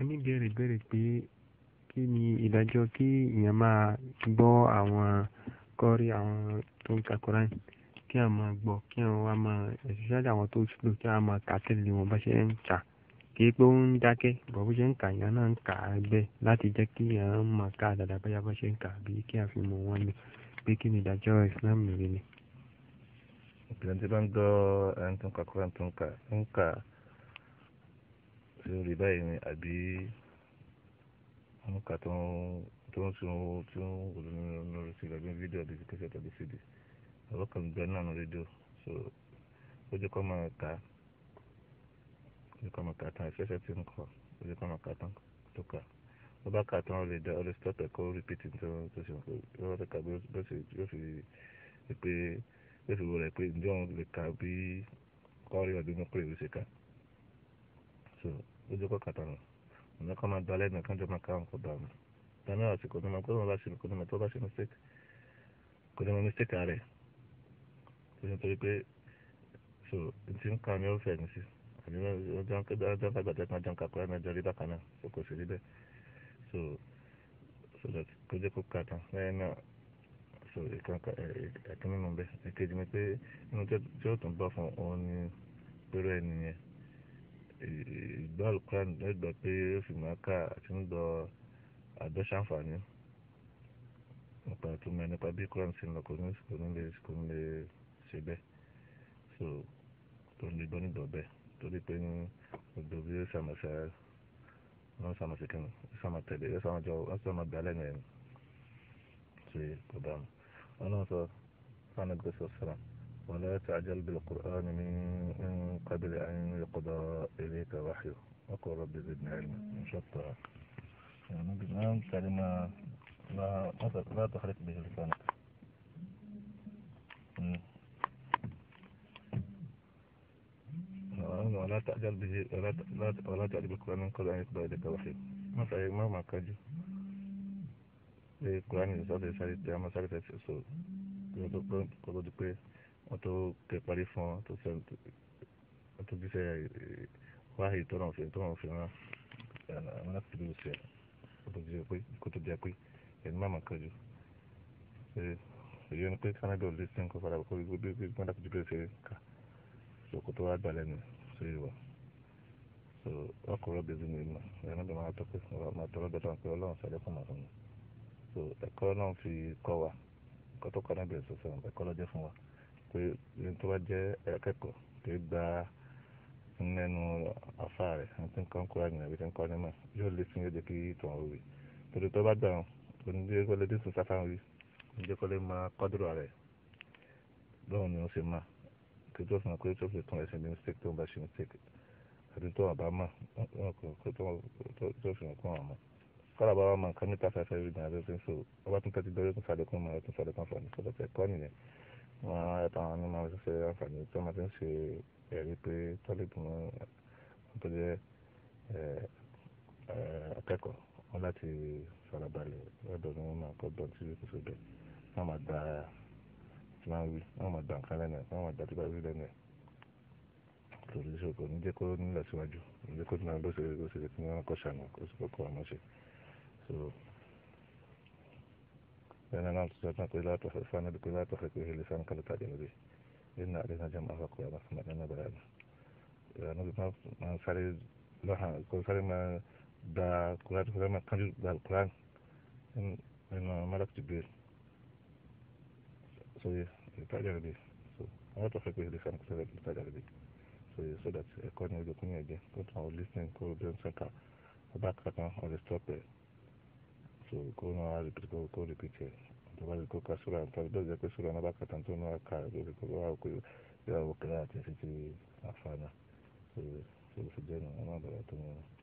oníbèrè béèrè pé kí ni ìdájọ́ kí èèyàn máa gbọ́ àwọn kọ́rí àwọn tó ń ka Quran kí a máa gbọ́ kí àwọn wa máa especially àwọn tó slow kí a máa kà tẹ̀lé wọn bá ṣe ń kà kì í pé ó ń dákẹ́ bọ̀ bó ṣe ń kà yẹn náà ń kà á bẹ́ẹ̀ láti jẹ́ kí èèyàn máa kà dáadáa bóyá bó ṣe ń kà bí kí a mọ̀ wọ́n ni pé kí ni ìdájọ́ Islam rẹ̀ ni. ìpìlẹ̀ tí bá ń gbọ́ ẹni tó ń ka Quran tó ń kà ń kà á sí orí báyìí ni àbí wọn kà tó ń tó ń sun owó tó ń wòlò nínú rẹ̀ sí ìgbàgbé fídíò àbí kẹsẹ̀ tàbí sídì àwọn kan gbẹ náà ní rédíò so ó jẹ́ kó máa kà á ó jẹ́ kó máa kà á tán ìfẹsẹ̀ tí ń kọ́ ó jẹ́ kó máa kà á tán tó kà á wọ́n bá kà á tán ó lè dá ó lè stop ẹ̀ kó repeat tó tó ṣe wọ́n fẹ́ kà bí ó sì yóò fi pé yóò fi wọ pé ǹjẹ́ òun lè kà bí kọ́rí ọ̀dún mọ́kúrẹ́ ìwé ṣe kà so lójú kọ́kà dànù ọ̀nà kan máa dalẹ̀ nìkan jọ máa káwọn kó dànù dànù àsìkò ní ma gbọ́dọ̀ bá ṣe kó ní ma tó bá ṣe mistake kó ní ma mistake rẹ̀ tó ní torí pé so ti ń kan ni ó fẹ̀ ní sí àbí ọjọ́ ọjọ́ gbàgbàjẹ́ kan jọ ń kakọ́ ẹ̀mẹ́ jọ rí bákan náà so kò sí rí bẹ́ẹ̀ so so that kó jẹ́ kó kà lẹ́yìn náà so ìkan nínú bẹ́ẹ̀ èkejì ni pé inú tí ó tún bá fún òun ni pẹ̀lú ẹni yẹn ìgbọ́ alukuran lẹ́gbọ́ pé ó fi máa ká àti ń gbọ́ àdọ́sànfààní nípa tó mẹ́ nípa bí kuran sí lọ kò ní kò ní lè kò ní lè ṣe bẹ́ẹ̀ so kò ní lè gbọ́ nígbà bẹ́ẹ̀ torí pé ní gbogbo bí ó ṣàmọ̀ṣà wọ́n ṣàmọ̀ṣà kí ni ó ṣàmọ̀tẹ̀lé ó ṣàmọ̀jọ ó ṣàmọ̀gbé alẹ́ nìyẹn ṣe kò bá wọn. ọlọ́run sọ fún anagbèsọ̀ sọ́ra. ولا تعجل بالقرآن من قبل أن يقضى إليك وحيه وقل رب زدني علما مشطة يعني الآن كلمة لا لا تحرك به لسانك نعم. ولا تعجل به ولا لا ولا تعجل بالقرآن من قبل أن يقضى إليك وحيه ما في ما ما كاجو القرآن يسأل يسأل يسأل يسأل يسأل يسأل يسأل يسأل wọ́n tó tẹ parí fún ọ tó sẹ́ wọ́n tó gbéṣẹ́ wáhì tó náà fi tó náà fi rán àwọn láti lè ṣe kó tó jẹ pé kó tó jẹ pé ẹni má má kọjú èyí ni pé kánábì ò lè sí nǹkan padà kó gbé gbé gbé gbọ́dọ̀ kó ṣe ká so kó tó wá gbà lẹ́nu sí ìwà so ọkùnrin ọbẹ̀ zùn nìyí mà ẹni bẹ̀ máa tọ́pẹ́ máa tọ́lọ́ bẹ̀ pé ọlọ́run sáré fún màfún so ẹ̀kọ́ náà fi kọ́ wa ẹ̀kọ́ tó kọ́ náà bẹ̀rẹ̀ sọ́sọ́ ẹ̀kọ́ lọ́jọ́ fún wa pé ní tó bá jẹ́ akẹ́kọ̀ọ́ tó gba nínú afá rẹ̀ tí nǹkan kó àgbìn àbí tí nǹkan onímọ̀ yóò lé sí yóò jẹ́ kí tàn ó wí torí tó bá gbà wọn kò ní jẹ́ kọ́lé dísùn sáfà wí ní jẹ́ kọ́lé máa kọ́dúrọ̀ rẹ̀ lọ́wọ́n ni ó ṣe máa kí tó fi hàn pé tó fi tún ẹsẹ̀ ní mistake tó ń bá ṣe mistake àti tó àbá mọ̀ tó fi hàn pé wọ́n mọ̀ kọ́lá bá wà mọ̀ nǹkan níta fẹ́fẹ́ rí ní abẹ́fẹ́ so ọba tún tẹ́tí dọ́rẹ́ tún sàlékún mọ̀ ẹ̀ tún sàlékún fọ̀ ní sọ́dọ̀ wọn àtàwọn ọmọ máa ń ṣe àǹfààní tó máa ti ń ṣe ẹ̀rí pé tọ́lẹ̀bù wọn tó jẹ́ akẹ́kọ̀ọ́ wọn láti farabalẹ̀ lọ́dọ̀ ni wọ́n máa kọ́ dọ̀ tí kò ṣe bẹ̀ wọ́n máa gba tí wọ́n wí wọ́n máa gba nǹkan lẹ́nu ẹ̀ wọ́n máa gba tí wọ́n wí lẹ́nu ẹ̀ lórí ìṣòro ní jẹ́ kó nílò síwájú ní jẹ́ kó nílò bó ṣe lè kí wọ́n kọ́ ṣàná kó sì kọ́kọ́ àmọ́ ṣe so لأننا ارتجلناك ولا تحرفان بك ولا تحرك به لسانك لتعلم به إن علينا جمعها وقيامة ثم إلينا بيانها ما ساري لوحة كل ساري ما دا القرآن كل ما كان دا القرآن إن إن ملك جبريل سوي تعلم به ولا تحرك به لسانك لتعلم به so that according to the community, what our listening could be back up on the stop there. so kó náà wá repeat kó kó repeat ẹ̀ tó bá rí kó ka sura nǹkan tó jẹ́ pé sura náà bá kàtà tó náà ka lórí kó wá pé yóò wọ kíláà àti ẹsẹ̀ ti àfa náà so so fi jẹ́ nù ọmọ àgbàlá tó mọ̀